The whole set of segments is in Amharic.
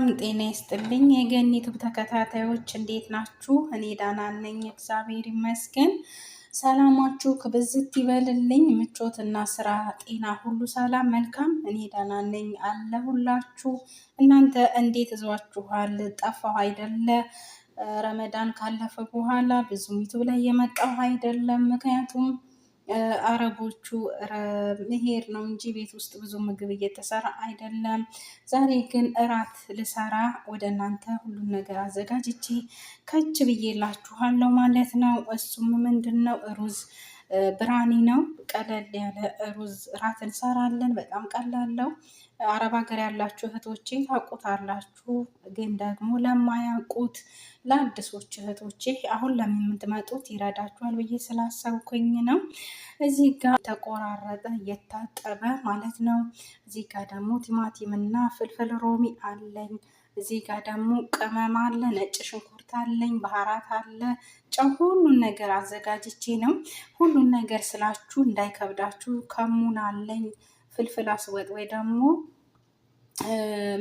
ሰላም ጤና ይስጥልኝ የገኒ ዩቱብ ተከታታዮች እንዴት ናችሁ? እኔ ዳና ነኝ፣ እግዚአብሔር ይመስገን። ሰላማችሁ ክብዝት ይበልልኝ። ምቾትና ስራ፣ ጤና ሁሉ ሰላም መልካም። እኔ ዳና ነኝ አለሁላችሁ። እናንተ እንዴት እዟችኋል? ጠፋሁ አይደለ? ረመዳን ካለፈ በኋላ ብዙም ዩቱብ ላይ የመጣሁ አይደለም። ምክንያቱም አረቦቹ መሄድ ነው እንጂ ቤት ውስጥ ብዙ ምግብ እየተሰራ አይደለም። ዛሬ ግን እራት ልሰራ ወደ እናንተ ሁሉን ነገር አዘጋጅቼ ከች ብዬላችኋለሁ ማለት ነው። እሱም ምንድን ነው ሩዝ ብራኒ ነው። ቀለል ያለ ሩዝ እራት እንሰራለን። በጣም ቀላለው። አረብ ሀገር ያላችሁ እህቶቼ ታውቁታላችሁ፣ ግን ደግሞ ለማያውቁት ለአዲሶች እህቶቼ አሁን ለምትመጡት ይረዳችኋል ብዬ ስላሰብኩኝ ነው። እዚህ ጋር ተቆራረጠ እየታጠበ ማለት ነው። እዚህ ጋር ደግሞ ቲማቲምና ፍልፍል ሮሚ አለኝ። እዚህ ጋር ደግሞ ቅመም አለ፣ ነጭ ሽንኩርት አለኝ፣ ባህራት አለ፣ ጨው፣ ሁሉን ነገር አዘጋጅቼ ነው። ሁሉን ነገር ስላችሁ እንዳይከብዳችሁ። ከሙን አለኝ፣ ፍልፍል አስወጥ ወይ ደግሞ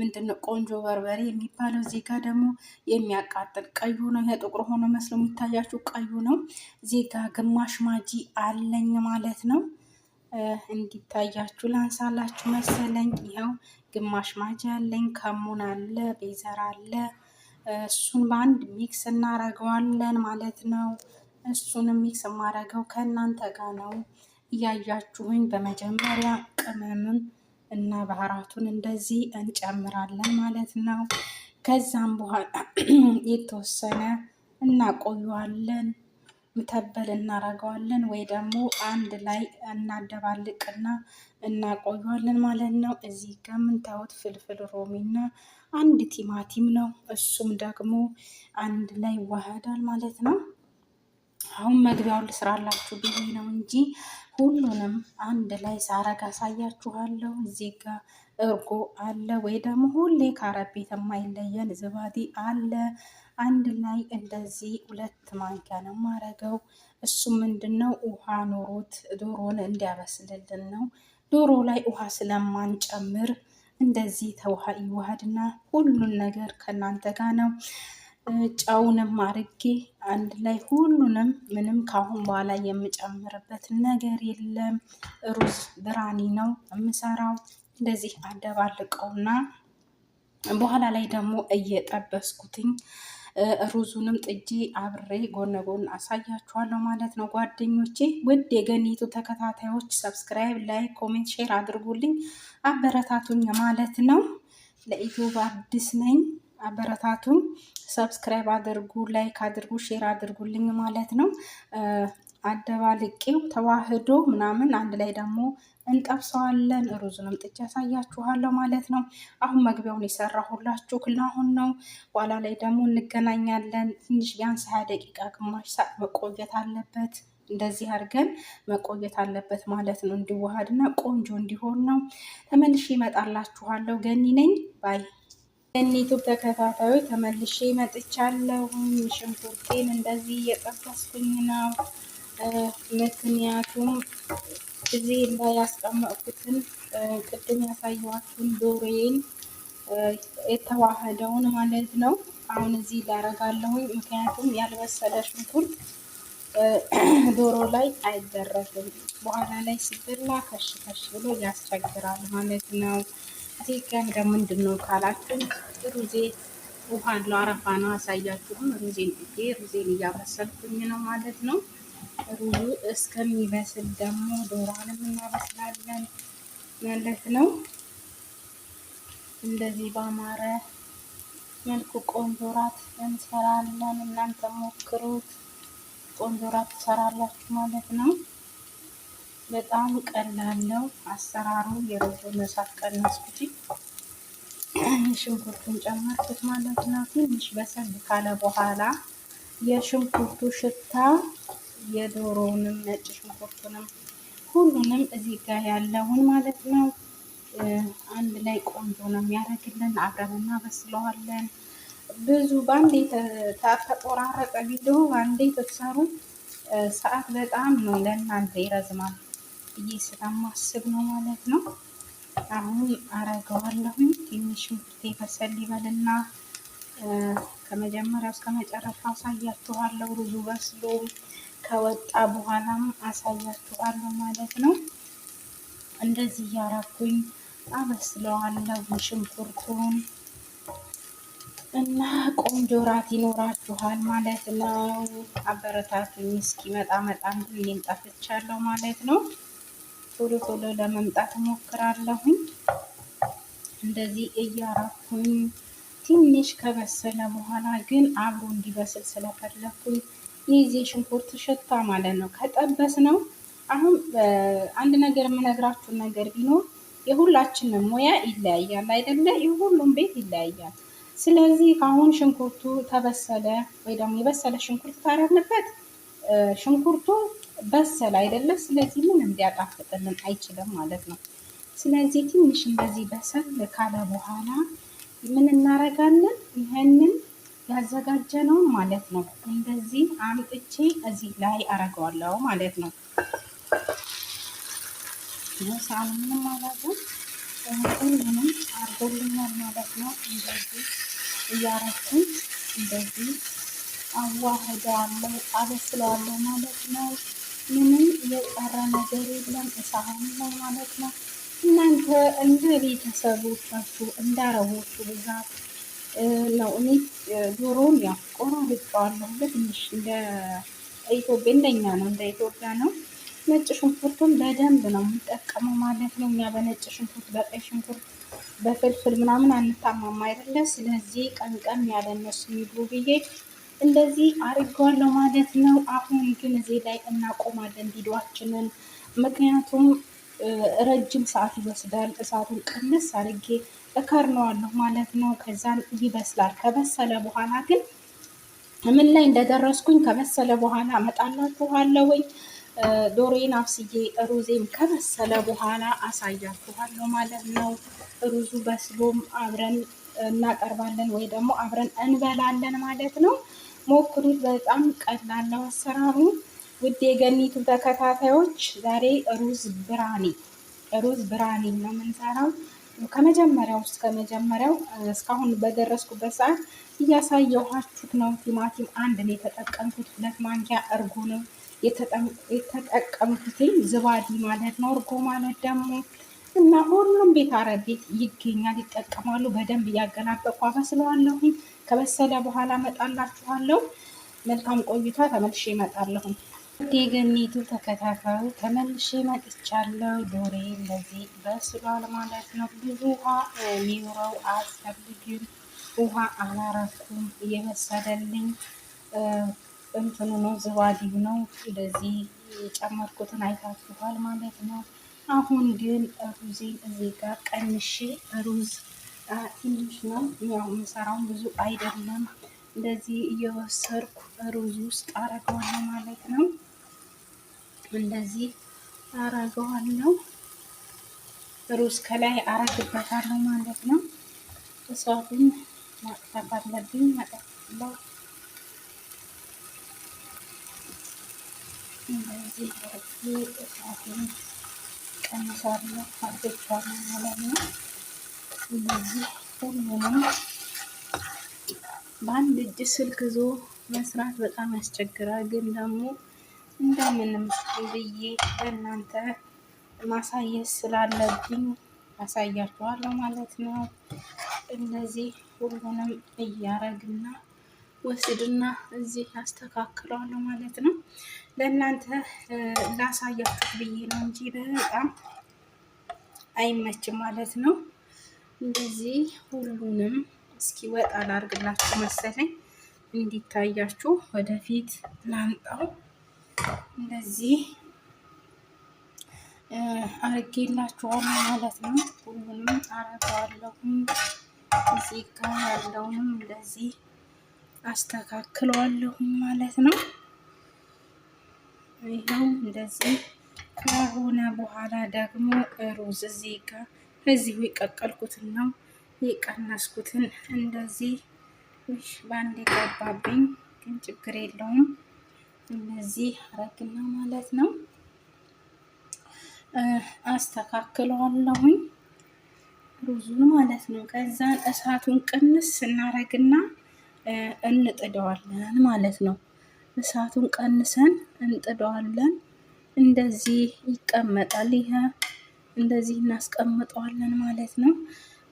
ምንድነው ቆንጆ በርበሬ የሚባለው። እዚህ ጋር ደግሞ የሚያቃጥል ቀዩ ነው። የጥቁር ሆኖ መስሎ የሚታያችሁ ቀዩ ነው። እዚህ ጋር ግማሽ ማጂ አለኝ ማለት ነው። እንዲታያችሁ ላንሳላችሁ መሰለኝ። ይኸው ግማሽ ማጃ አለኝ፣ ከሙን አለ፣ ቤዘር አለ። እሱን በአንድ ሚክስ እናረገዋለን ማለት ነው። እሱንም ሚክስ የማረገው ከእናንተ ጋር ነው እያያችሁኝ። በመጀመሪያ ቅመምን እና ባህራቱን እንደዚህ እንጨምራለን ማለት ነው። ከዛም በኋላ የተወሰነ እናቆየዋለን። ምተበል እናረገዋለን ወይ ደግሞ አንድ ላይ እናደባልቅና እናቆየዋለን ማለት ነው። እዚህ ጋር የምታዩት ፍልፍል ሮሚና አንድ ቲማቲም ነው። እሱም ደግሞ አንድ ላይ ይዋሃዳል ማለት ነው። አሁን መግቢያውን ልስራላችሁ ብዬ ነው እንጂ ሁሉንም አንድ ላይ ሳረግ አሳያችኋለሁ። እዚህ ጋ እርጎ አለ ወይ ደግሞ ሁሌ ከአረብ ቤት የማይለየን ዝባዲ አለ። አንድ ላይ እንደዚህ ሁለት ማንኪያ ነው ማረገው። እሱ ምንድን ነው ውሃ ኖሮት ዶሮን እንዲያበስልልን ነው። ዶሮ ላይ ውሃ ስለማንጨምር እንደዚህ ተውሃ ይዋሃድና ሁሉን ነገር ከእናንተ ጋር ነው። ጨውንም አርጌ አንድ ላይ ሁሉንም ምንም ካሁን በኋላ የምጨምርበት ነገር የለም። ሩዝ ብራኒ ነው የምሰራው። እንደዚህ አደባልቀውና በኋላ ላይ ደግሞ እየጠበስኩትኝ ሩዙንም ጥጄ አብሬ ጎን ለጎን አሳያችኋለሁ ማለት ነው። ጓደኞቼ፣ ውድ የገኒቱ ተከታታዮች ሰብስክራይብ፣ ላይክ፣ ኮሜንት፣ ሼር አድርጉልኝ፣ አበረታቱኝ ማለት ነው። ለኢትዮ አዲስ ነኝ። አበረታቱኝ። ሰብስክራይብ አድርጉ፣ ላይክ አድርጉ፣ ሼር አድርጉልኝ ማለት ነው። አደባልቄው ተዋህዶ ምናምን አንድ ላይ ደግሞ እንጠብሰዋለን። ሩዙንም ጥጃ ያሳያችኋለሁ ማለት ነው። አሁን መግቢያውን የሰራሁላችሁ ክላሁን ነው። በኋላ ላይ ደግሞ እንገናኛለን። ትንሽ ቢያንስ ሀያ ደቂቃ ግማሽ ሰዓት መቆየት አለበት። እንደዚህ አድርገን መቆየት አለበት ማለት ነው። እንዲዋሃድና ቆንጆ እንዲሆን ነው። ተመልሼ እመጣላችኋለሁ። ገኒ ነኝ ባይ እኔቱ ተከታታዮች ተመልሼ መጥቻለሁ። ሽንኩርቴን እንደዚህ እየጠበስኩኝ ነው። ምክንያቱም እዚህ ላይ ያስቀመጥኩትን ቅድም ያሳየኋችሁን ዶሬን የተዋህደውን ማለት ነው። አሁን እዚህ ላረጋለሁ። ምክንያቱም ያልበሰለ ሽንኩርት ዶሮ ላይ አይደረግም። በኋላ ላይ ሲበላ ከሽ ከሽ ብሎ ያስቸግራል ማለት ነው። እዚህ ጋር ደግሞ ነው ካላችሁ ሩዜ ውሃ አለው አረፋ ነው አሳያችሁም። ሩዜን ጊዜ ሩዜን እያበሰልኩኝ ነው ማለት ነው። ሩዙ እስከሚበስል ደግሞ ዶሯንም እናበስላለን ማለት ነው። እንደዚህ ባማረ መልኩ ቆንጆ ራት እንሰራለን። እናንተ ሞክሩት፣ ቆንጆ ራት ትሰራላችሁ ማለት ነው። በጣም ቀላል ነው አሰራሩ። የሮዞ መሳት ቀነስኩት፣ ሽንኩርቱን ጨመርኩት ማለት ነው። ትንሽ በሰል ካለ በኋላ የሽንኩርቱ ሽታ የዶሮውንም ነጭ ሽንኩርቱንም ሁሉንም እዚህ ጋር ያለውን ማለት ነው አንድ ላይ ቆንጆ ነው የሚያደርግልን። አብረን እናበስለዋለን። ብዙ በአንዴ ተቆራረጠ ቪዲዮ በአንዴ ተሰሩ ሰዓት በጣም ነው ለእናንተ ይረዝማል። ብዬ ስለማስብ ነው ማለት ነው። አሁን አረገዋለሁኝ ትንሽ ሽንኩርት ይበሰል ይበልና ከመጀመሪያ እስከ መጨረሻ አሳያችኋለሁ። ሩዙ በስሎ ከወጣ በኋላም አሳያችኋለሁ ማለት ነው። እንደዚህ እያረኩኝ አበስለዋለሁ ሽንኩርቱን እና ቆንጆ ራት ይኖራችኋል ማለት ነው። አበረታቱኝ እስኪመጣ መጣም ሁሌም ጠፍቻለሁ ማለት ነው። ቶሎ ቶሎ ለመምጣት ሞክራለሁ እንደዚህ እያራኩኝ ትንሽ ከበሰለ በኋላ ግን አብሮ እንዲበስል ስለፈለኩኝ የዚህ ሽንኩርት ሽታ ማለት ነው ከጠበስ ነው። አሁን አንድ ነገር የምነግራችሁ ነገር ቢኖር የሁላችንም ሙያ ይለያያል አይደለ? የሁሉም ቤት ይለያያል። ስለዚህ አሁን ሽንኩርቱ ተበሰለ ወይ ደግሞ የበሰለ ሽንኩርት ታረንበት ሽንኩርቱ በሰል አይደለም። ስለዚህ ምን እንዲያጣፍጥልን አይችልም ማለት ነው። ስለዚህ ትንሽ እንደዚህ በሰል ካለ በኋላ ምን እናረጋለን? ይህንን ያዘጋጀነውን ማለት ነው እንደዚህ አምጥቼ እዚህ ላይ አረገዋለሁ ማለት ነው። ሳል ምንም አላገም ሁሉንም አርጎልኛል ማለት ነው። እንደዚህ እያረኩኝ እንደዚህ አዋህደዋለሁ፣ አበስለዋለሁ ማለት ነው። ምንም የቀረ ነገር የለም እሳህን ላይ ማለት ነው። እናንተ እንደ ቤተሰቦቻችሁ እንዳረቦቹ ብዛት ነው። እኔ ዶሮን ያው ቆራርጬዋለሁ በትንሽ እንደ ኢትዮጵያ እንደኛ ነው እንደ ኢትዮጵያ ነው። ነጭ ሽንኩርቱን በደንብ ነው የምጠቀመው ማለት ነው። እኛ በነጭ ሽንኩርት፣ በቀይ ሽንኩርት፣ በፍልፍል ምናምን አንታማማ አይደለ? ስለዚህ ቀንቀን ያለ እነሱ ብዬ እንደዚህ አድርገዋለሁ ማለት ነው። አሁን ግን እዚህ ላይ እናቆማለን ቪዲዮችንን፣ ምክንያቱም ረጅም ሰዓት ይወስዳል። እሳቱን ቀንስ አድርጌ እከርነዋለሁ ማለት ነው። ከዛም ይበስላል። ከበሰለ በኋላ ግን ምን ላይ እንደደረስኩኝ ከበሰለ በኋላ እመጣላችኋለሁኝ። ዶሮዬን አብስዬ ሩዜም ከበሰለ በኋላ አሳያችኋለሁ ማለት ነው። ሩዙ በስሎም አብረን እናቀርባለን ወይ ደግሞ አብረን እንበላለን ማለት ነው። ሞክሩት። በጣም ቀላል ነው አሰራሩ። ውድ የገኒቱ ተከታታዮች ዛሬ ሩዝ ብራኒ ሩዝ ብራኒ ነው የምንሰራው። ከመጀመሪያው እስከ መጀመሪያው እስካሁን በደረስኩበት ሰዓት እያሳየኋችሁት ነው። ቲማቲም አንድ ነው የተጠቀምኩት። ሁለት ማንኪያ እርጎ ነው የተጠቀምኩት፣ ዝባዲ ማለት ነው። እርጎ ማለት ደግሞ እና ሁሉም ቤት አረቤት ይገኛል፣ ይጠቀማሉ። በደንብ እያገላበቅኩ አበስለዋለሁኝ። ከበሰለ በኋላ መጣላችኋለሁ። መልካም ቆይታ። ተመልሼ እመጣለሁ። የገኒቱ ተከታታዩ ተመልሼ መጥቻለሁ። ዶሬ እንደዚህ በስሏል ማለት ነው። ብዙ ውሃ ሊኖረው አስፈልግም፣ ውሃ አላረኩም። እየበሰለልኝ እንትኑ ነው ዝባዲው ነው እንደዚህ የጨመርኩትን አይታችኋል ማለት ነው። አሁን ግን ሩዜን እዚህ ጋር ቀንሼ ሩዝ ትንሽ ነው ያው የምሰራውን ብዙ አይደለም። እንደዚህ እየወሰርኩ ሩዝ ውስጥ አረገዋለሁ ማለት ነው። እንደዚህ አረገዋለሁ። ሩዝ ከላይ አረግበታለሁ ማለት ነው። እሳቱን ማጥፋት አለብኝ። ማጠፍለው እንደዚህ እሳቱን ቀንሳለሁ አድርጌዋለሁ ማለት ነው። እነዚህ ሁሉንም በአንድ እጅ ስልክ ዞ መስራት በጣም ያስቸግራል። ግን ደግሞ እንደምንም ብዬ በእናንተ ማሳየት ስላለብኝ አሳያችኋለሁ ማለት ነው። እነዚህ ሁሉንም እያረግና ወስድና እዚህ አስተካክለዋለሁ ማለት ነው። ለእናንተ ላሳያችሁ ብዬ ነው እንጂ በጣም አይመችም ማለት ነው። እንደዚህ ሁሉንም እስኪ ወጣ ላርግላችሁ መሰለኝ እንዲታያችሁ ወደፊት ላምጣው። እንደዚህ አርጌላችኋለሁ ማለት ነው። ሁሉንም አረገዋለሁም እዚህ ጋር ያለውንም እንደዚህ አስተካክለዋለሁም ማለት ነው። ይኸው እንደዚህ ከሆነ በኋላ ደግሞ ሩዝ እዚህ ጋር እዚሁ የቀቀልኩትና የቀነስኩትን እንደዚህ ውሽ በአንድ የገባብኝ ግን ችግር የለውም። እነዚህ አረግና ማለት ነው አስተካክለዋለሁኝ ሩዙን ማለት ነው። ከዛን እሳቱን ቅንስ ስናረግና እንጥደዋለን ማለት ነው። እሳቱን ቀንሰን እንጥደዋለን። እንደዚህ ይቀመጣል ይሄ እንደዚህ እናስቀምጠዋለን ማለት ነው።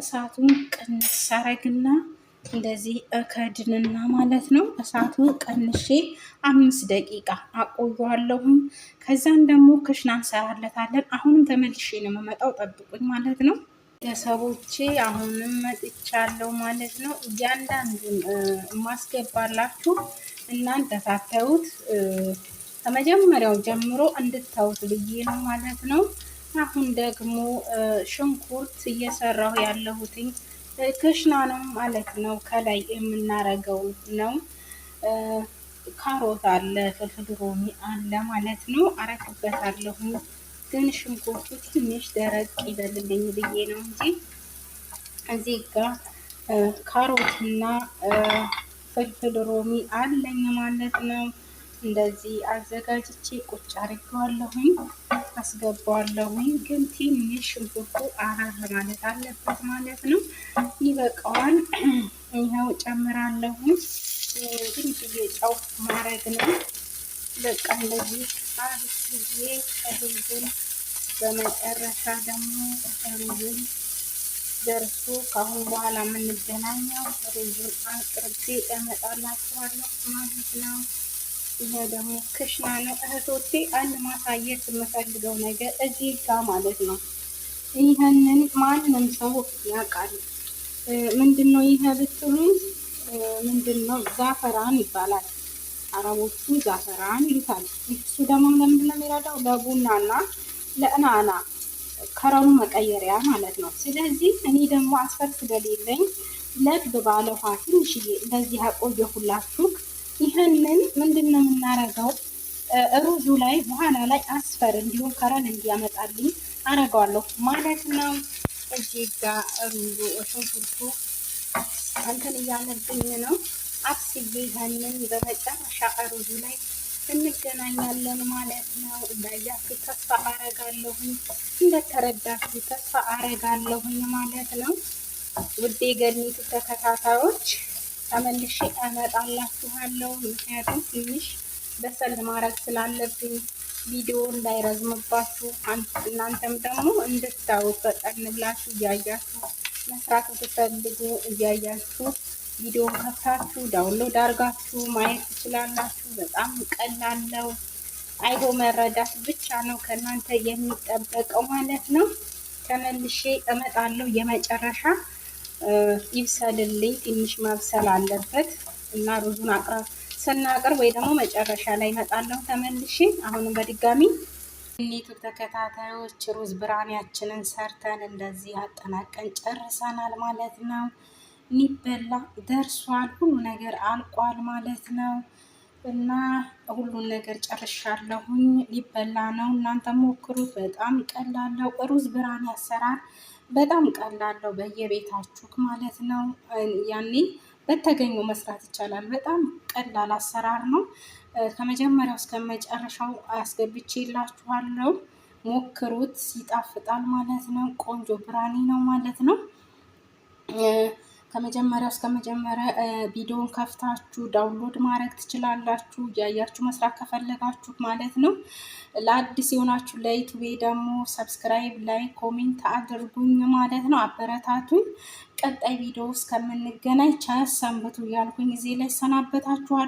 እሳቱን ቀንስ አረግና እንደዚህ እከድንና ማለት ነው። እሳቱ ቀንሼ አምስት ደቂቃ አቆየዋለሁኝ። ከዛን ደግሞ ክሽና እንሰራለታለን። አሁንም ተመልሼ ነው የምመጣው፣ ጠብቁኝ ማለት ነው። ቤተሰቦቼ አሁንም መጥቻለሁ ማለት ነው። እያንዳንዱን የማስገባላችሁ እናንተ ሳታዩት ከመጀመሪያው ጀምሮ እንድታዩት ብዬ ነው ማለት ነው። አሁን ደግሞ ሽንኩርት እየሰራሁ ያለሁትኝ ክሽና ነው ማለት ነው። ከላይ የምናረገው ነው። ካሮት አለ፣ ፍልፍል ሮሚ አለ ማለት ነው። አረግበታለሁ ግን ሽንኩርቱ ትንሽ ደረቅ ይበልልኝ ብዬ ነው እንጂ እዚህ ጋር ካሮትና ፍልፍል ሮሚ አለኝ ማለት ነው። እንደዚህ አዘጋጅቼ ቁጭ አድርገዋለሁኝ። አስገባዋለሁ። ግን ትንሽ ሽንኩርቱ አረር ማለት አለበት ማለት ነው። ይበቃዋል። ይኸው ጨምራለሁ። ግን ጊዜ ጨው ማድረግ ነው። በቃ እንደዚህ አሪፍ ጊዜ እህሉን በመጨረሻ ደግሞ ሩዙን ደርሶ ከአሁን በኋላ የምንገናኘው ሩዙን አቅርቤ እመጣላችኋለሁ ማለት ነው። ይሄ ደግሞ ክሽና ነው። እህቶቼ አንድ ማሳየት የምፈልገው ነገር እዚህ ጋር ማለት ነው። ይህንን ማንም ሰው ያውቃል። ምንድን ነው ይሄ ብትሉኝ፣ ምንድን ነው ዛፈራን ይባላል። አረቦቹ ዛፈራን ይሉታል። እሱ ደግሞ ለምንድን ነው የሚረዳው? ለቡናና ለእናና ከረሙ መቀየሪያ ማለት ነው። ስለዚህ እኔ ደግሞ አስፈርት በሌለኝ ለብ ባለ ውሃ ትንሽዬ እንደዚህ አቆየሁላችሁ። ይህንን ምንድን ነው የምናረገው? ሩዙ ላይ በኋላ ላይ አስፈር እንዲሁም ከረን እንዲያመጣልኝ አረገዋለሁ ማለት ነው። እዚህ ጋር ሩዙ ሽንኩርቱ እንትን እያለብኝ ነው። አብስዬ ይህንን በመጨረሻ ሩዙ ላይ እንገናኛለን ማለት ነው። እንዳያችሁ ተስፋ አረጋለሁኝ፣ እንደተረዳችሁ ተስፋ አረጋለሁኝ ማለት ነው። ውዴ ገኒቱ ተከታታዮች ተመልሼ እመጣላችኋለሁ። ምክንያቱም ትንሽ በሰል ማድረግ ስላለብኝ ቪዲዮ እንዳይረዝምባችሁ እናንተም ደግሞ እንድታዩት ፈጠን ብላችሁ እያያችሁ መስራት ብትፈልጉ እያያችሁ ቪዲዮ ከፍታችሁ ዳውንሎድ አድርጋችሁ ማየት ትችላላችሁ። በጣም ቀላለው አይቦ መረዳት ብቻ ነው ከእናንተ የሚጠበቀው ማለት ነው። ተመልሼ እመጣለሁ የመጨረሻ ይብሰልልኝ። ትንሽ ማብሰል አለበት እና ሩዙን አቅራ ስናቅርብ ወይ ደግሞ መጨረሻ ላይ መጣለሁ ተመልሼ። አሁንም በድጋሚ እኒቱ ተከታታዮች ሩዝ ብራንያችንን ሰርተን እንደዚህ አጠናቀን ጨርሰናል ማለት ነው። ሊበላ ደርሷል። ሁሉ ነገር አልቋል ማለት ነው እና ሁሉን ነገር ጨርሻለሁኝ። ሊበላ ነው። እናንተ ሞክሩት። በጣም ይቀላለው ሩዝ ብራን ያሰራል። በጣም ቀላል ነው። በየቤታችሁ ማለት ነው። ያኔ በተገኘው መስራት ይቻላል። በጣም ቀላል አሰራር ነው። ከመጀመሪያው እስከ መጨረሻው አስገብቼ ላችኋለው ሞክሩት፣ ይጣፍጣል ማለት ነው። ቆንጆ ብራኒ ነው ማለት ነው። ከመጀመሪያ እስከ መጀመሪያ ቪዲዮን ከፍታችሁ ዳውንሎድ ማድረግ ትችላላችሁ፣ እያያችሁ መስራት ከፈለጋችሁ ማለት ነው። ለአዲስ የሆናችሁ ለዩቱቤ ደግሞ ሰብስክራይብ፣ ላይ ኮሜንት አድርጉኝ ማለት ነው። አበረታቱኝ። ቀጣይ ቪዲዮ እስከምንገናኝ ቻስ ሰንብቱ እያልኩኝ እዚህ ላይ ሰናበታችኋለሁ።